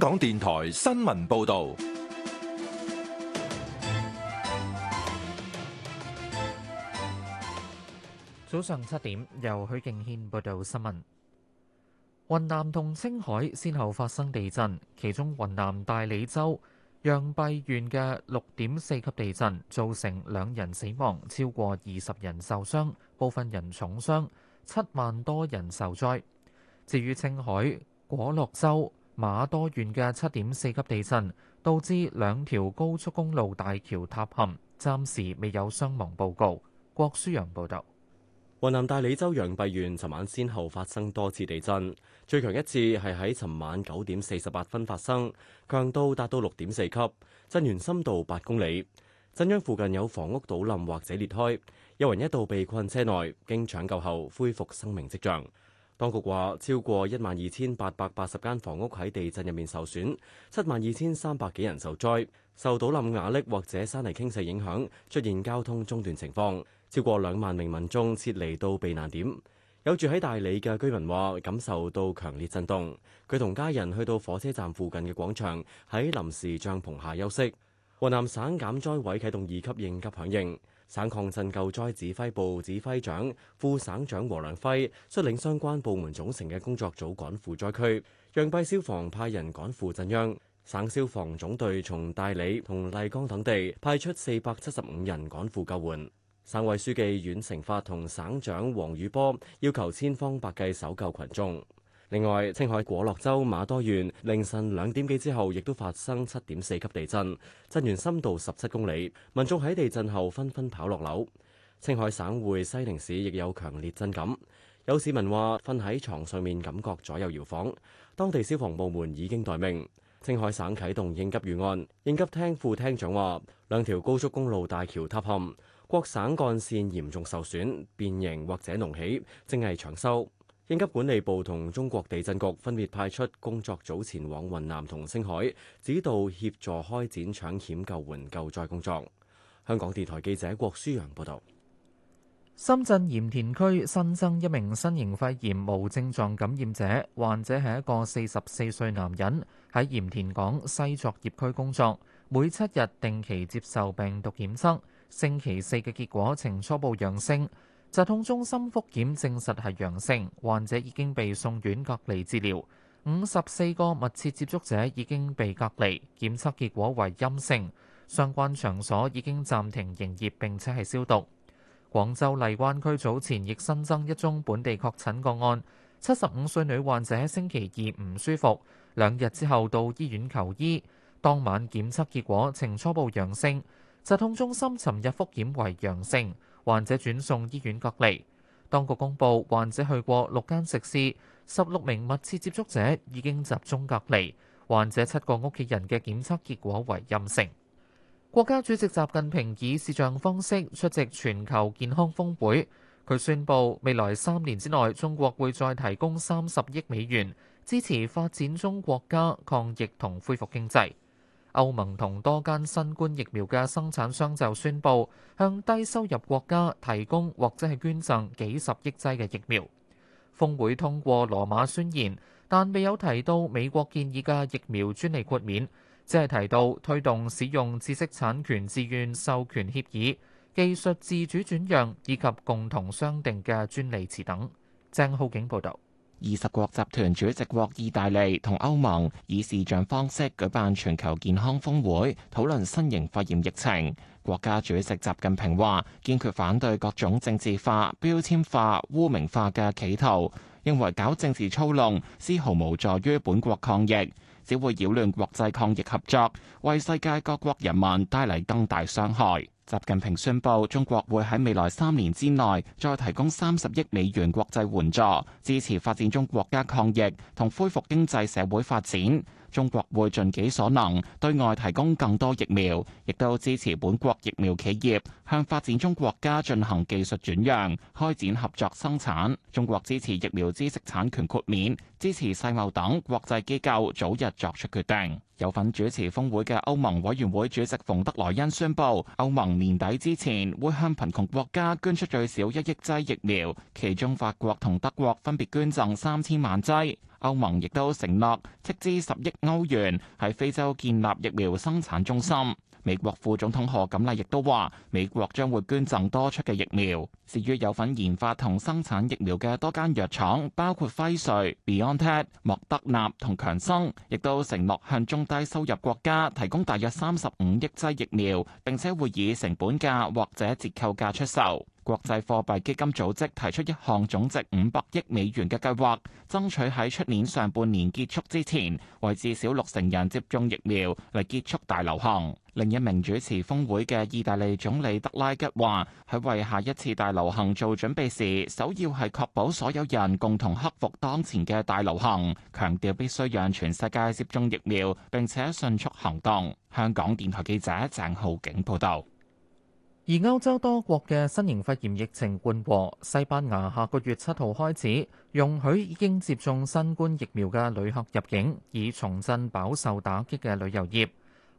香港電台新聞報道，早上七點由許敬軒報道新聞。雲南同青海先後發生地震，其中雲南大理州漾濞縣嘅六點四級地震，造成兩人死亡，超過二十人受傷，部分人重傷，七萬多人受災。至於青海果洛州，瑪多縣嘅七點四級地震，導致兩條高速公路大橋塌陷，暫時未有傷亡報告。郭舒洋報道：雲南大理州漾濞縣尋晚，先後發生多次地震，最強一次係喺尋晚九點四十八分發生，強度達到六點四級，震源深度八公里，震央附近有房屋倒冧或者裂開，有人一度被困車內，經搶救後恢復生命跡象。當局話，超過一萬二千八百八十間房屋喺地震入面受損，七萬二千三百幾人受災。受到冧瓦礫或者山泥傾瀉影響，出現交通中斷情況，超過兩萬名民眾撤離到避難點。有住喺大理嘅居民話，感受到強烈震動，佢同家人去到火車站附近嘅廣場，喺臨時帳篷下休息。雲南省減災委啟動二級應急響應。省抗震救災指揮部指揮長、副省長和良輝率領相關部門組成嘅工作組趕赴災區，漾濞消防派人趕赴震央，省消防總隊從大理同麗江等地派出四百七十五人趕赴救援。省委書記阮成發同省長王宇波要求千方百計搜救群眾。另外，青海果洛州瑪多縣凌晨兩點幾之後，亦都發生七點四級地震，震源深度十七公里。民眾喺地震後紛紛跑落樓。青海省會西寧市亦有強烈震感，有市民話瞓喺牀上面感覺左右搖晃。當地消防部門已經待命，青海省啟動應急預案。應急廳副廳長話：兩條高速公路大橋塌陷，國省幹線嚴重受損，變形或者隆起，正係搶修。應急管理部同中國地震局，分別派出工作組，前往雲南同青海，指導協助開展搶險救援救災工作。香港電台記者郭舒揚報道。深圳鹽田區新增一名新型肺炎無症狀感染者，患者係一個四十四歲男人，喺鹽田港西作業區工作，每七日定期接受病毒檢測，星期四嘅結果呈初步陽性。疾控中心復檢證實係陽性，患者已經被送院隔離治療。五十四個密切接觸者已經被隔離，檢測結果為陰性。相關場所已經暫停營業並且係消毒。廣州荔灣區早前亦新增一宗本地確診個案，七十五歲女患者星期二唔舒服，兩日之後到醫院求醫，當晚檢測結果呈初步陽性，疾控中心尋日復檢為陽性。患者轉送醫院隔離，當局公佈患者去過六間食肆，十六名密切接觸者已經集中隔離。患者七個屋企人嘅檢測結果為陰性。國家主席習近平以視像方式出席全球健康峰會，佢宣布未來三年之內，中國會再提供三十億美元支持發展中國家抗疫同恢復經濟。歐盟同多間新冠疫苗嘅生產商就宣布向低收入國家提供或者係捐贈幾十億劑嘅疫苗。峰會通過羅馬宣言，但未有提到美國建議嘅疫苗專利豁免，只係提到推動使用知識產權自願授權協議、技術自主轉讓以及共同商定嘅專利池等。鄭浩景報道。二十國集團主席國意大利同歐盟以視像方式舉辦全球健康峰會，討論新型肺炎疫情。國家主席習近平話：堅決反對各種政治化、標籤化、污名化嘅企圖，認為搞政治操弄，絲毫無助於本國抗疫，只會擾亂國際抗疫合作，為世界各國人民帶嚟更大傷害。習近平宣布，中國會喺未來三年之內再提供三十億美元國際援助，支持發展中國家抗疫同恢復經濟社會發展。中國會盡己所能對外提供更多疫苗，亦都支持本國疫苗企業向發展中國家進行技術轉讓、開展合作生產。中國支持疫苗知識產權，權豁免，支持世貿等國際機構早日作出決定。有份主持峰會嘅歐盟委員會主席馮德萊恩宣布，歐盟年底之前會向貧窮國家捐出最少一億劑疫苗，其中法國同德國分別捐贈三千萬劑。歐盟亦都承諾斥資十億歐元喺非洲建立疫苗生產中心。美國副總統賀錦麗亦都話，美國將會捐贈多出嘅疫苗。至於有份研發同生產疫苗嘅多間藥廠，包括輝瑞、Biontech、莫德納同強生，亦都承諾向中低收入國家提供大約三十五億劑疫苗，並且會以成本價或者折扣價出售。國際貨幣基金組織提出一項總值五百億美元嘅計劃，爭取喺出年上半年結束之前，為至少六成人接種疫苗嚟結束大流行。另一名主持峰會嘅意大利總理德拉吉話：喺為下一次大流行做準備時，首要係確保所有人共同克服當前嘅大流行，強調必須讓全世界接種疫苗並且迅速行動。香港電台記者鄭浩景報道。而歐洲多國嘅新型肺炎疫情緩和，西班牙下個月七號開始容許已經接種新冠疫苗嘅旅客入境，以重振飽受打擊嘅旅遊業。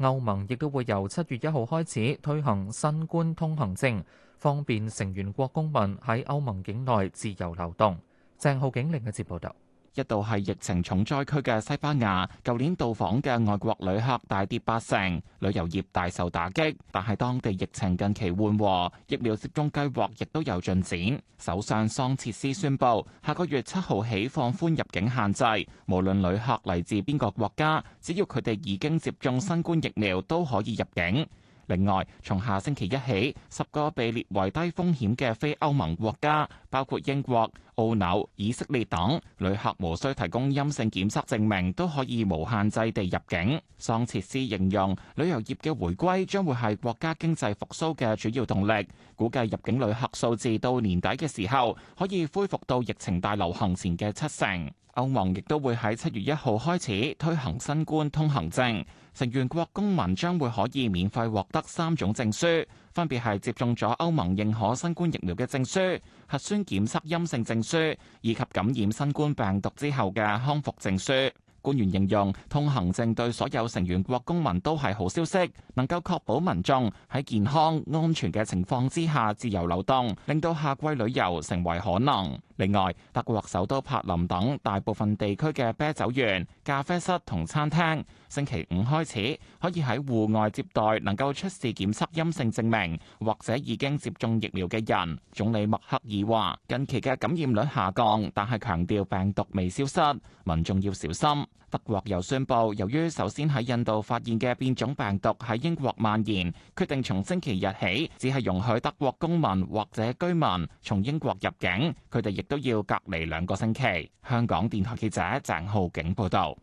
歐盟亦都會由七月一號開始推行新冠通行證，方便成員國公民喺歐盟境內自由流動。鄭浩景另一節報導。一度係疫情重災區嘅西班牙，舊年到訪嘅外國旅客大跌八成，旅遊業大受打擊。但係當地疫情近期緩和，疫苗接種計劃亦都有進展。首相桑切斯宣布，下個月七號起放寬入境限制，無論旅客嚟自邊個國家，只要佢哋已經接種新冠疫苗都可以入境。另外，從下星期一起，十個被列為低風險嘅非歐盟國家，包括英國、澳紐、以色列等旅客，無需提供陰性檢測證明，都可以無限制地入境。桑切斯形容旅遊業嘅回歸，將會係國家經濟復甦嘅主要動力。估計入境旅客數字到年底嘅時候，可以恢復到疫情大流行前嘅七成。歐盟亦都會喺七月一號開始推行新冠通行證，成員國公民將會可以免費獲得三種證書。分別係接種咗歐盟認可新冠疫苗嘅證書、核酸檢測陰性證書，以及感染新冠病毒之後嘅康復證書。官員形容通行證對所有成員國公民都係好消息，能夠確保民眾喺健康安全嘅情況之下自由流動，令到夏季旅遊成為可能。另外，德國首都柏林等大部分地區嘅啤酒園、咖啡室同餐廳，星期五開始可以喺戶外接待能夠出示檢測陰性證明或者已經接種疫苗嘅人。總理默克爾話，近期嘅感染率下降，但係強調病毒未消失，民眾要小心。德國又宣佈，由於首先喺印度發現嘅變種病毒喺英國蔓延，決定從星期日起只係容許德國公民或者居民從英國入境，佢哋亦都要隔離兩個星期。香港電台記者鄭浩景報導。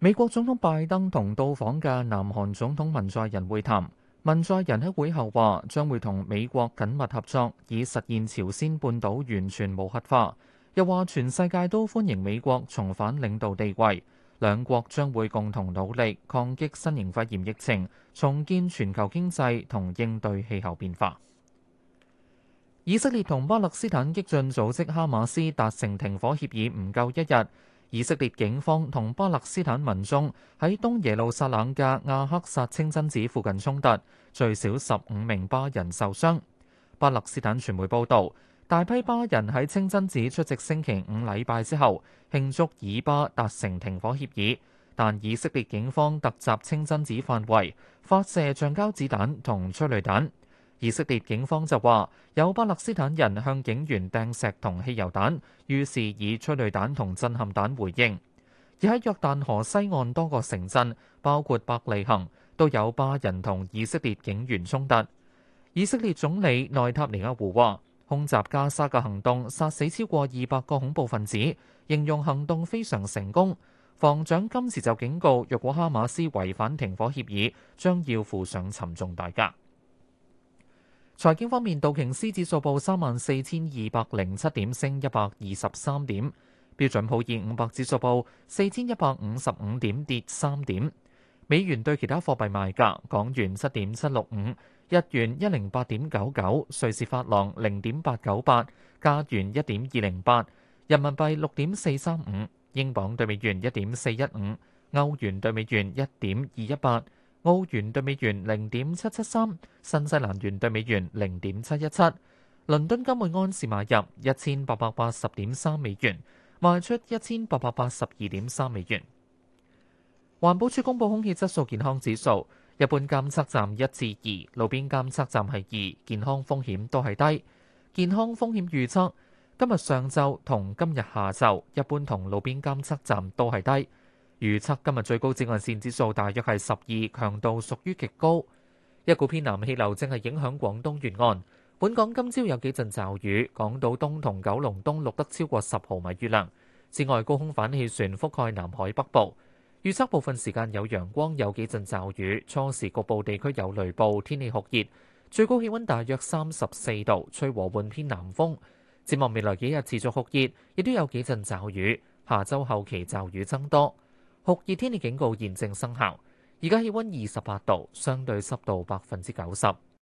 美國總統拜登同到訪嘅南韓總統文在寅會談，文在寅喺會後話將會同美國緊密合作，以實現朝鮮半島完全無核化。又話全世界都歡迎美國重返領導地位，兩國將會共同努力抗擊新型肺炎疫情、重建全球經濟同應對氣候變化。以色列同巴勒斯坦激進組織哈馬斯達成停火協議唔夠一日，以色列警方同巴勒斯坦民眾喺東耶路撒冷嘅亞克薩清真寺附近衝突，最少十五名巴人受傷。巴勒斯坦傳媒報道，大批巴人喺清真寺出席星期五禮拜之後慶祝以巴達成停火協議，但以色列警方突襲清真寺範圍，發射橡膠子彈同催淚彈。以色列警方就話，有巴勒斯坦人向警員掟石同汽油彈，於是以催淚彈同震撼彈回應。而喺約旦河西岸多個城鎮，包括伯利恆，都有巴人同以色列警員衝突。以色列總理內塔尼亞胡話，空襲加沙嘅行動殺死超過二百個恐怖分子，形容行動非常成功。防長今時就警告，若果哈馬斯違反停火協議，將要付上沉重代價。財經方面，道瓊斯指數報三萬四千二百零七點，升一百二十三點。標準普爾五百指數報四千一百五十五點，跌三點。美元對其他貨幣賣價：港元七點七六五，日元一零八點九九，瑞士法郎零點八九八，加元一點二零八，人民幣六點四三五，英鎊對美元一點四一五，歐元對美元一點二一八。澳元兌美元零點七七三，新西蘭元兌美元零點七一七，倫敦金每安士買入一千八百八十點三美元，賣出一千八百八十二點三美元。環保署公布空氣質素健康指數，一般監測站一至二，路邊監測站係二，健康風險都係低。健康風險預測，今，上今日上晝同今日下晝，一般同路邊監測站都係低。預測今日最高紫外線指數大約係十二，強度屬於極高。一股偏南氣流正係影響廣東沿岸，本港今朝有幾陣驟雨，港島東同九龍東錄得超過十毫米雨量。此外高空反氣旋覆蓋南海北部，預測部分時間有陽光，有幾陣驟雨，初時局部地區有雷暴，天氣酷熱，最高氣溫大約三十四度，吹和緩偏南風。展望未來幾日持續酷熱，亦都有幾陣驟雨，下周後期驟雨增多。酷熱天氣警告現正生效，而家氣温二十八度，相對濕度百分之九十。